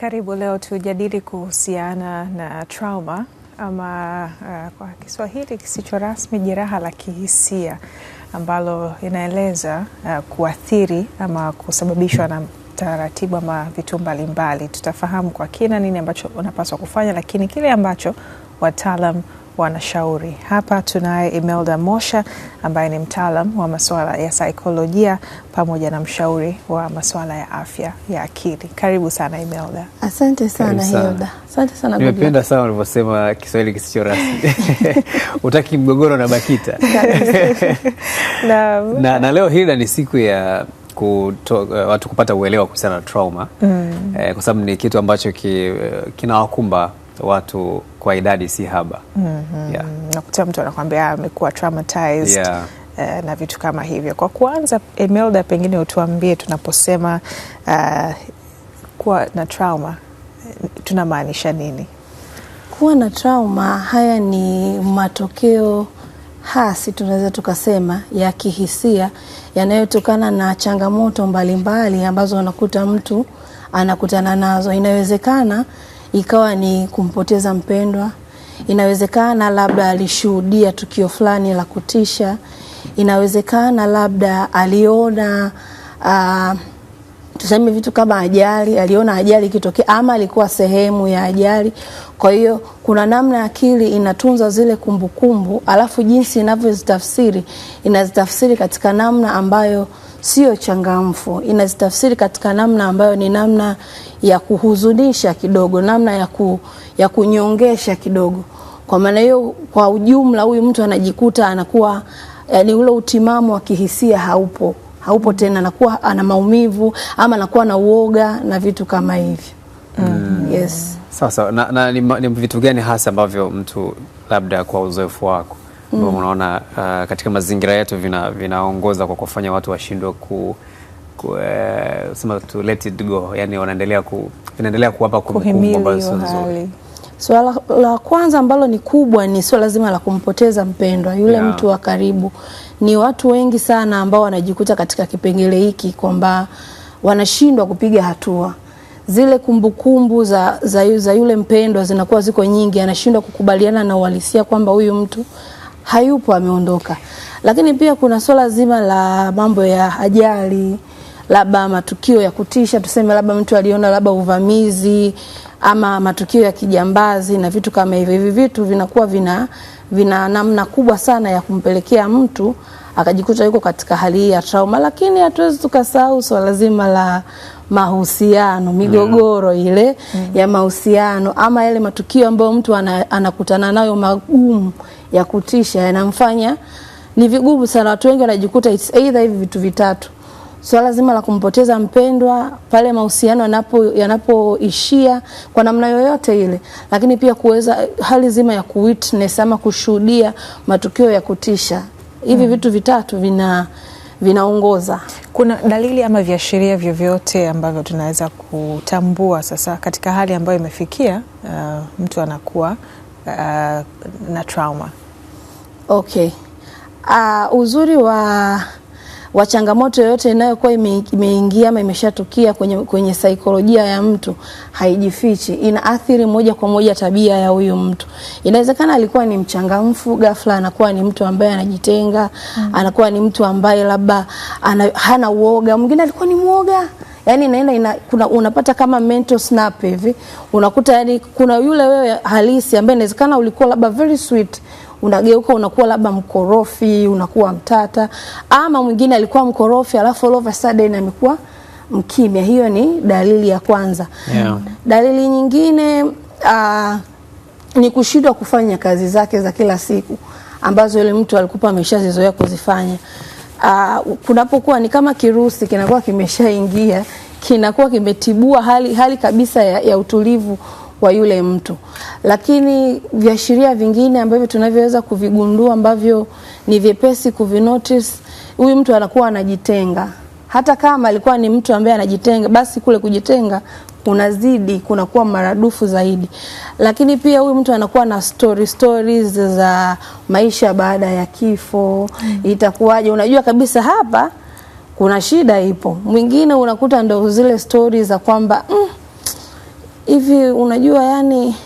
Karibu. Leo tujadili kuhusiana na trauma ama uh, kwa Kiswahili kisicho rasmi jeraha la kihisia ambalo inaeleza uh, eh, kuathiri ama kusababishwa na taratibu ama vitu mbalimbali. Tutafahamu kwa kina nini ambacho unapaswa kufanya, lakini kile ambacho wataalam wanashauri. Hapa tunaye Imelda Mosha ambaye ni mtaalam wa masuala ya saikolojia pamoja na mshauri wa masuala ya afya ya akili. Karibu sana Imelda. Asante sana Hilda. Asante sana. Nimependa sana ulivyosema Kiswahili kisicho rasmi utaki mgogoro na BAKITA na, na, na leo Hilda ni siku ya Kuto, uh, watu kupata uelewa kuhusiana na trauma mm. Eh, kwa sababu ni kitu ambacho ki, uh, kinawakumba watu kwa idadi si haba. mm -hmm. yeah. Nakuta mtu anakwambia ah, amekuwa traumatized yeah. Uh, na vitu kama hivyo. Kwa kuanza, Imelda, pengine utuambie tunaposema uh, kuwa na trauma eh, tunamaanisha nini? Kuwa na trauma, haya ni matokeo hasi tunaweza tukasema ya kihisia yanayotokana na changamoto mbalimbali mbali ambazo anakuta mtu anakutana nazo. Inawezekana ikawa ni kumpoteza mpendwa. Inawezekana labda alishuhudia tukio fulani la kutisha, inawezekana labda aliona uh, tuseme vitu kama ajali, aliona ajali ikitokea ama alikuwa sehemu ya ajali. Kwa hiyo kuna namna akili inatunza zile kumbukumbu kumbu, alafu jinsi inavyozitafsiri inazitafsiri katika namna ambayo sio changamfu, inazitafsiri katika namna ambayo ni namna ya kuhuzunisha kidogo, namna ya, ku, ya kunyongesha kidogo. Kwa maana hiyo, kwa ujumla, huyu mtu anajikuta anakuwa yani, ule utimamu wa kihisia haupo, haupo tena, anakuwa ana maumivu ama anakuwa na uoga na vitu kama hivyo. Mm. mm. Yes. Sasa na, na, ni, ni vitu gani hasa ambavyo mtu labda kwa uzoefu wako mm. Unaona uh, katika mazingira yetu vina, vinaongoza kwa kufanya watu washindwe ku, ku uh, sema to let it go, yani wanaendelea ku vinaendelea kuwapa kumbukumbu ambazo nzuri. Swala so, la kwanza ambalo ni kubwa ni swala so zima la kumpoteza mpendwa yule yeah. mtu wa karibu. Ni watu wengi sana ambao wanajikuta katika kipengele hiki kwamba wanashindwa kupiga hatua zile kumbukumbu kumbu za, za, za yule mpendwa zinakuwa ziko nyingi, anashindwa kukubaliana na uhalisia kwamba huyu mtu hayupo, ameondoka. Lakini pia kuna swala zima la mambo ya ajali, labda matukio ya kutisha, tuseme labda mtu aliona labda uvamizi ama matukio ya kijambazi na vitu kama hivyo. Hivi vitu vinakuwa vina vina namna kubwa sana ya kumpelekea mtu akajikuta yuko katika hali hii ya trauma, lakini hatuwezi tukasahau swala zima la mahusiano, migogoro mm. ile mm. ya mahusiano ama yale matukio ambayo mtu anakutana ana nayo magumu ya kutisha yanamfanya ni vigumu sana. Watu wengi wanajikuta it's either hivi vitu vitatu, swala so, zima la kumpoteza mpendwa pale mahusiano yanapo yanapoishia kwa namna yoyote ile, lakini pia kuweza hali zima ya kuwitness ama kushuhudia matukio ya kutisha hivi mm. vitu vitatu vina vinaongoza. Kuna dalili ama viashiria vyovyote ambavyo tunaweza kutambua sasa katika hali ambayo imefikia uh, mtu anakuwa uh, na trauma. Okay. Uh, uzuri wa wa changamoto yoyote inayokuwa imeingia ama imeshatukia kwenye, kwenye saikolojia ya mtu haijifichi, inaathiri moja kwa moja tabia ya huyu mtu. Inawezekana alikuwa ni mchangamfu, ghafla anakuwa ni mtu ambaye anajitenga, mm -hmm. anakuwa ni mtu ambaye labda hana uoga. Mwingine alikuwa ni mwoga yani inaenda ina, kuna, unapata kama mental snap hivi unakuta yani kuna yule wewe halisi ambaye inawezekana ulikuwa labda very sweet unageuka unakuwa labda mkorofi, unakuwa mtata, ama mwingine alikuwa mkorofi alafu all of a sudden amekuwa mkimya. Hiyo ni dalili ya kwanza yeah. Dalili nyingine uh, ni kushindwa kufanya kazi zake za kila siku ambazo yule mtu alikupa ameshazizoea kuzifanya uh, kunapokuwa ni kama kirusi kinakuwa kimeshaingia, kinakuwa kimetibua hali, hali kabisa ya, ya utulivu wa yule mtu. Lakini viashiria vingine ambavyo tunavyoweza kuvigundua ambavyo ni vyepesi kuvinotice, huyu mtu anakuwa anajitenga hata kama alikuwa ni mtu ambaye anajitenga, basi kule kujitenga unazidi kunakuwa maradufu zaidi, lakini pia huyu mtu anakuwa na story stories za maisha baada ya kifo mm. Itakuwaje? Unajua kabisa hapa kuna shida ipo. Mwingine unakuta ndo zile stories za kwamba mm, hivi mm, unajua yani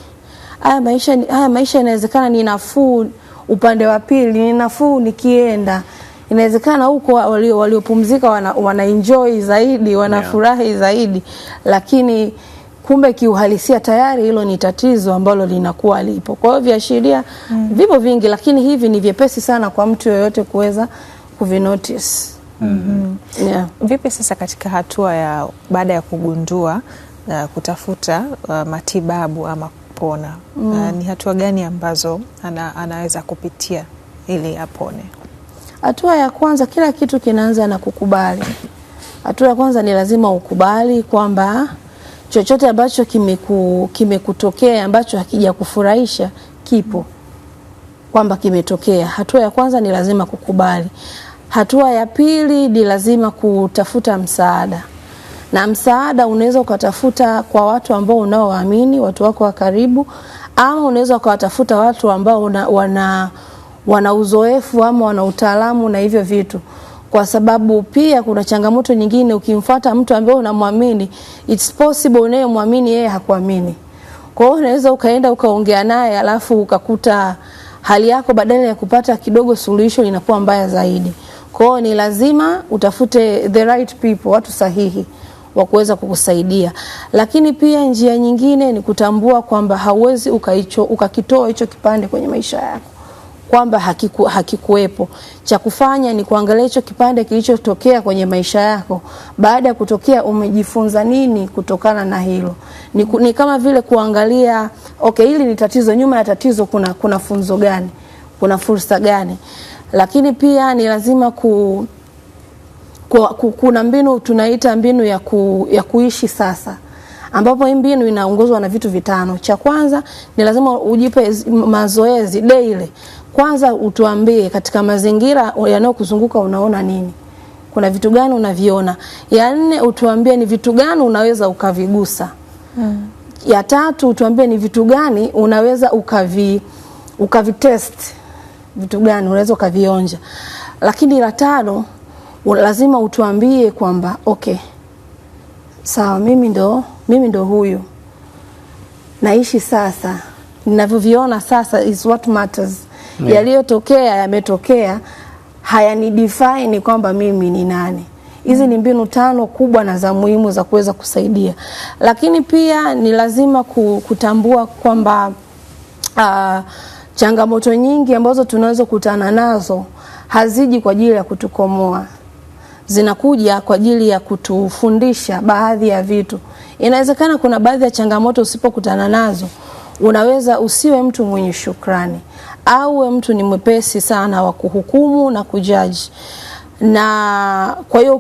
haya maisha haya maisha inawezekana ni nafuu upande wa pili ni nafuu nikienda inawezekana huko waliopumzika walio wana, wana enjoy zaidi wanafurahi yeah. zaidi lakini kumbe kiuhalisia tayari hilo ni tatizo ambalo linakuwa lipo. Kwa hiyo viashiria mm. vipo vingi, lakini hivi ni vyepesi sana kwa mtu yoyote kuweza kuvinotice. Mm-hmm. mm -hmm. yeah. Vipi sasa katika hatua ya baada ya kugundua uh, kutafuta uh, matibabu ama kupona uh, mm. uh, ni hatua gani ambazo ana, anaweza kupitia ili apone? Hatua ya kwanza, kila kitu kinaanza na kukubali. Hatua ya kwanza ni lazima ukubali kwamba chochote ambacho kimeku, kimekutokea ambacho hakijakufurahisha kipo, kwamba kimetokea. Hatua ya kwanza ni lazima kukubali. Hatua ya pili ni lazima kutafuta msaada, na msaada unaweza ukatafuta kwa watu ambao unaowaamini, watu wako wa karibu, ama unaweza ukawatafuta watu ambao una, wana wana uzoefu ama wana utaalamu na hivyo vitu, kwa sababu pia kuna changamoto nyingine. Ukimfuata mtu ambaye unamwamini, it's possible unayemwamini yeye hakuamini. Kwa hiyo unaweza ukaenda ukaongea naye alafu ukakuta hali yako badala ya kupata kidogo suluhisho inakuwa mbaya zaidi. Kwa hiyo ni lazima utafute the right people, watu sahihi wa kuweza kukusaidia. Lakini pia njia nyingine ni kutambua kwamba hauwezi ukakitoa hicho kipande kwenye maisha yako kwamba hakiku, hakikuwepo. Cha kufanya ni kuangalia hicho kipande kilichotokea kwenye maisha yako. Baada ya kutokea, umejifunza nini kutokana na hilo? Ni, ni kama vile kuangalia okay, hili ni tatizo, nyuma ya tatizo kuna kuna funzo gani, kuna fursa gani? Lakini pia ni lazima ku, ku, ku kuna mbinu tunaita mbinu ya, ku, ya kuishi sasa ambapo hii mbinu inaongozwa na vitu vitano. Cha kwanza ni lazima ujipe mazoezi daily kwanza utuambie katika mazingira yanayokuzunguka unaona nini, kuna vitu gani unaviona. Ya nne utuambie ni vitu gani unaweza ukavigusa Hmm. Ya tatu utuambie ni vitu gani unaweza ukavi ukavitest, vitu gani unaweza ukavionja. Lakini la tano lazima utuambie kwamba okay, sawa, mimi ndo mimi ndo huyu naishi sasa, ninavyoviona sasa is what matters yeah. Yaliyotokea yametokea, hayanidefine kwamba mimi ni nani. Hizi ni mbinu tano kubwa na za muhimu za kuweza kusaidia, lakini pia ni lazima kutambua kwamba uh, changamoto nyingi ambazo tunaweza kutana nazo haziji kwa ajili ya kutukomoa, zinakuja kwa ajili ya kutufundisha baadhi ya vitu. Inawezekana kuna baadhi ya changamoto usipokutana nazo unaweza usiwe mtu mwenye shukrani awe mtu ni mwepesi sana wa kuhukumu na kujaji na kwa hiyo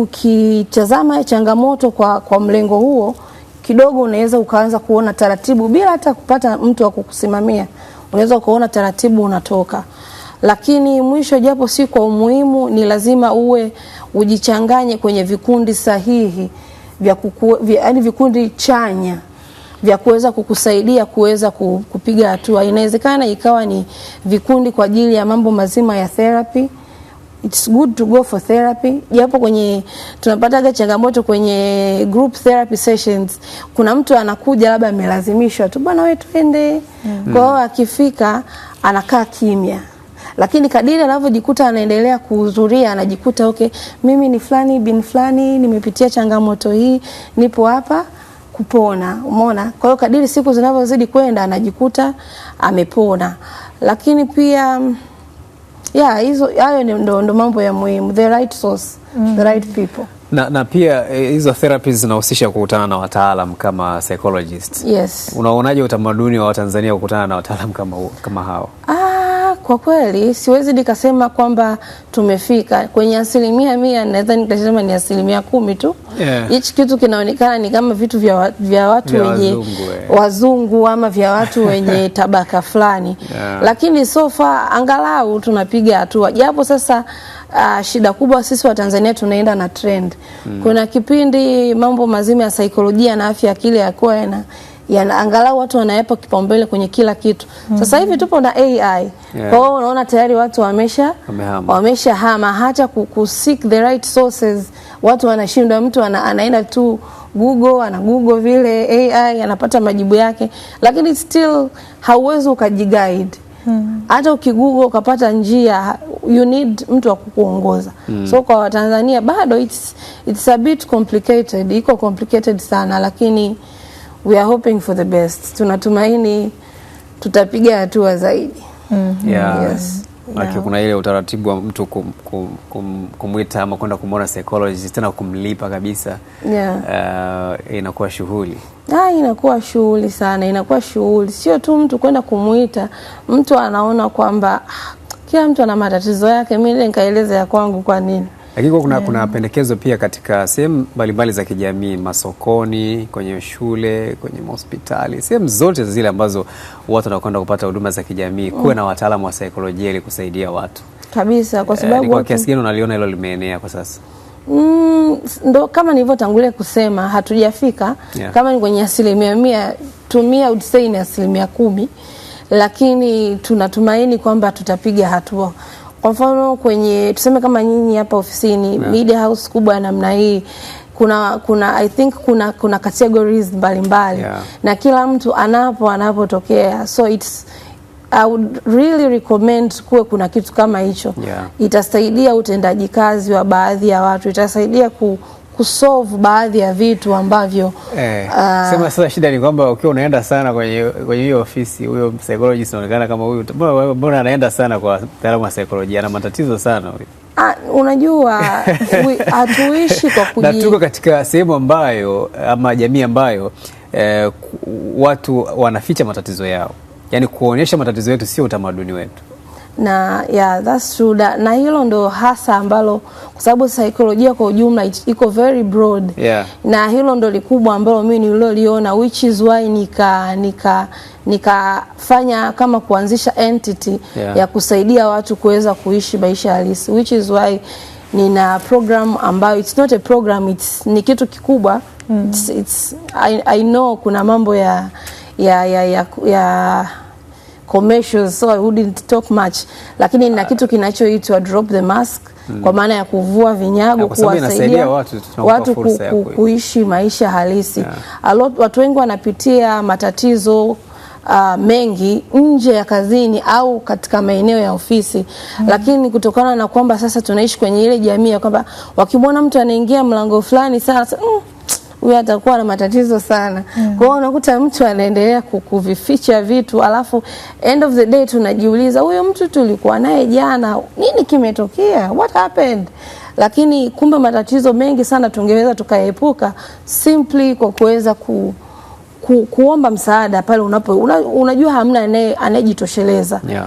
ukitazama uki, uki changamoto kwa, kwa mlengo huo kidogo unaweza ukaanza kuona taratibu bila hata kupata mtu wa kukusimamia, unaweza ukaona taratibu unatoka. Lakini mwisho, japo si kwa umuhimu, ni lazima uwe ujichanganye kwenye vikundi sahihi vya, vya yani vikundi chanya vya kuweza kukusaidia kuweza kupiga hatua. Inawezekana ikawa ni vikundi kwa ajili ya mambo mazima ya therapy. It's good to go for therapy, japo kwenye tunapataga changamoto kwenye group therapy sessions. Kuna mtu anakuja labda amelazimishwa tu, bwana wewe, twende. Mm. Kwa hiyo akifika anakaa kimya lakini kadiri anavyojikuta anaendelea kuhudhuria anajikuta okay, mimi ni fulani bin fulani, nimepitia changamoto hii, nipo hapa kupona. Umeona? Kwa hiyo kadiri siku zinavyozidi kwenda anajikuta amepona, lakini pia mm, yeah, hizo hayo ndo, ndo mambo ya muhimu the right source, mm. the right people na, na pia eh, hizo therapies zinahusisha kukutana na wataalam kama psychologist. Yes. Unaonaje utamaduni wa Watanzania kukutana na wataalam kama, kama hao? Ah, kwa kweli siwezi nikasema kwamba tumefika kwenye asilimia mia, naweza nikasema ni asilimia kumi tu yeah. Hichi kitu kinaonekana ni kama vitu vya, vya watu vya wenye wazungu, eh. wazungu ama vya watu wenye tabaka fulani yeah. Lakini sofa angalau tunapiga hatua japo sasa Uh, shida kubwa sisi wa Tanzania tunaenda na trend. Hmm. Kuna kipindi mambo mazima ya saikolojia na afya akili yakuwa yana angalau watu wanawepo kipaumbele kwenye kila kitu mm. Sasa hivi tupo na AI yeah. Kwa hiyo unaona tayari watu wamesha wamehama, wamesha hama hata ku seek the right sources, watu wanashindwa. Mtu ana, anaenda tu Google ana Google vile AI anapata majibu yake, lakini still hauwezi ukajiguide hmm. hata ukigugo ukapata njia, you need mtu wa kukuongoza mm. So kwa Watanzania bado it's, it's a bit complicated, iko complicated sana, lakini we are hoping for the best, tunatumaini tutapiga hatua zaidi. mm -hmm. yeah. yes. Like, kuna ile utaratibu wa mtu kumwita kum, kum, kum ama kwenda kumwona psychologist tena kumlipa kabisa. yeah. Uh, inakuwa shughuli ah, inakuwa shughuli sana, inakuwa shughuli, sio tu mtu kwenda kumwita mtu, anaona kwamba ah, kila mtu ana matatizo yake, mimi nikaeleza ya kwangu kwa nini lakini kuna, yeah. kuna pendekezo pia katika sehemu mbalimbali za kijamii, masokoni, kwenye shule, kwenye mahospitali, sehemu zote zile ambazo watu wanakwenda kupata huduma za kijamii mm. kuwe na mm. wataalamu wa saikolojia ili kusaidia watu kabisa, kwa eh, sababu kwa kiasi gani unaliona hilo limeenea kwa sasa? Mm, ndo kama nilivyotangulia kusema hatujafika yeah. Kama ni kwenye asilimia mia tumia utsei ni asilimia kumi, lakini tunatumaini kwamba tutapiga hatua. Kwa mfano kwenye tuseme kama nyinyi hapa ofisini yeah. media house kubwa ya namna hii kuna kuna I think kuna kuna categories mbalimbali yeah. na kila mtu anapo anapotokea so it's I would really recommend kuwe kuna kitu kama hicho yeah. Itasaidia utendaji kazi wa baadhi ya watu, itasaidia ku kusolve baadhi ya vitu ambavyo eh, uh, sema sasa, shida ni kwamba ukiwa unaenda sana kwenye kwenye hiyo ofisi, huyo psychologist anaonekana kama huyu, mbona anaenda sana kwa mtaalamu wa psychology, ana matatizo sana huyu. Uh, unajua hatuishi kwa kuji... na tuko katika sehemu ambayo ama jamii ambayo eh, watu wanaficha matatizo yao, yaani kuonyesha matatizo yetu sio utamaduni wetu na yeah, that's true da, na hilo ndo hasa ambalo kwa sababu saikolojia kwa ujumla iko very broad yeah. Na hilo ndo likubwa ambalo mimi nililoliona which is why nika nika nikafanya kama kuanzisha entity yeah. ya kusaidia watu kuweza kuishi maisha halisi which is why nina program ambayo it's not a program it's ni kitu kikubwa mm. it's, it's, I, I know kuna mambo ya ya ya, ya, ya commercials so I wouldn't talk much, lakini nina kitu kinachoitwa drop the mask mm. kwa maana ya kuvua vinyago, kuwasaidia watu, watu ku, ku, kuishi maisha halisi yeah. Alot, watu wengi wanapitia matatizo Uh, mengi nje ya kazini au katika maeneo ya ofisi mm. Lakini kutokana na kwamba sasa tunaishi kwenye ile jamii ya kwamba wakimwona mtu anaingia mlango fulani sasa mm, huyu atakuwa na matatizo sana. Mm. Kwa hiyo unakuta mtu anaendelea kukuvificha vitu, alafu end of the day tunajiuliza huyo mtu tulikuwa naye jana, nini kimetokea? What happened? Lakini kumbe matatizo mengi sana tungeweza tukaepuka simply kwa kuweza ku ku, kuomba msaada pale unapo una, unajua hamna anayejitosheleza yeah.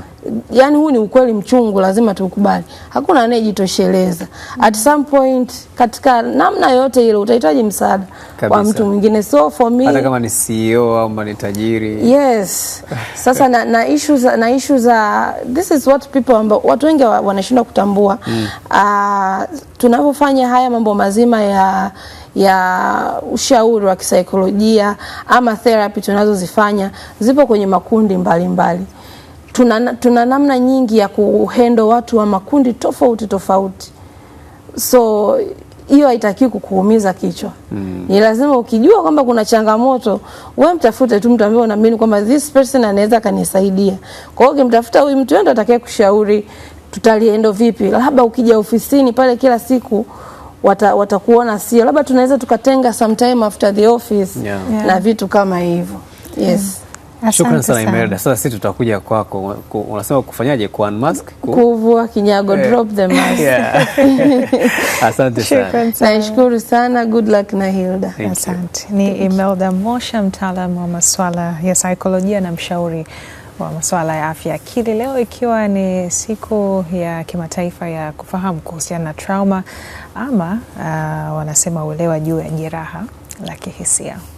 Yani huu ni ukweli mchungu, lazima tukubali, hakuna anayejitosheleza mm. at some point, katika namna yote ile utahitaji msaada kwa mtu mwingine, so for me, hata kama ni CEO au ni tajiri. Yes, sasa na, na issues za na issues za this is what people amba, watu wengi wanashindwa kutambua mm. Uh, tunapofanya haya mambo mazima ya ya ushauri wa kisaikolojia ama therapy tunazozifanya zipo kwenye makundi mbalimbali mbali. Tuna, tuna namna nyingi ya kuhendo watu wa makundi tofauti tofauti, so hiyo haitaki kukuumiza kichwa mm. Ni lazima ukijua kwamba kuna changamoto, we mtafute tu mtu ambaye unaamini kwamba this person anaweza akanisaidia. Kwa hiyo ukimtafuta huyu mtu, ndo atakaye kushauri tutaliendo vipi. Labda ukija ofisini pale kila siku watakuona wata, sio, labda tunaweza tukatenga sometime after the office yeah. Yeah. na vitu kama hivyo yes mm. Shukrani sana Imelda. Sasa sisi tutakuja kwako, unasema kufanyaje? ku unmask, kuvua kinyago, yeah. drop the mask. yeah. Asante sana, naishukuru sana. Good luck na Hilda. Asante. Ni Imelda Mosha, mtaalamu wa masuala ya saikolojia na mshauri wa masuala ya afya ya akili leo ikiwa ni siku ya kimataifa ya kufahamu kuhusiana na trauma ama uh, wanasema uelewa juu ya jeraha la kihisia.